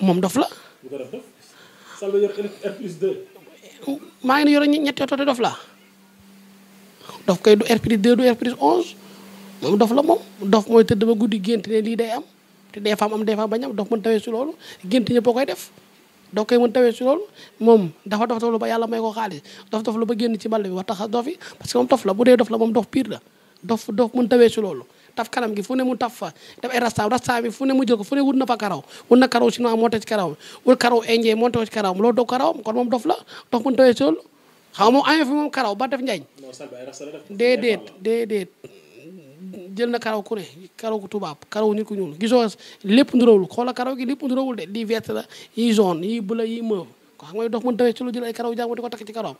moom dof la. maa ngi yore ñetti oto de dof la dof koy du R plus 2 du R plus 11 moom dof la moom dof mooy tëdd ba guddi gént ne lii day am te des fois am des fois bañ am dof mën tawee si loolu gént ñëpp koy def. dof koy mën tawee si loolu moom dafa dof dof lu ba yàlla may ko xaalis dof dof lu ba génn ci mbàll bi wax tax dof yi parce que moom dof la bu dee dof la moom dof pire la dof dof mën tawee si loolu. taf kanam gi fu ne mu taf fa def ay rastaam rastaam bi fu ne mu jël ko fu ne wut na fa karaw wut na karaw chinois monté ci karawam karaw indien monté ko ci karawam loolu doo kon moom dof la dof mën tawee sol xaw moom amee fi moom karaw ba def njañ déedéet déedéet jël na karaw ku ne karaw ku tubaab karaw nit ku ñuul gisoo lépp ndurawul xoola karaw gi lépp ndurawul de di verte la yi jaune yi bleu yi mauve ko xam nga dof mën tawee sol jël ay karaw jàmm di ko takk ci karawam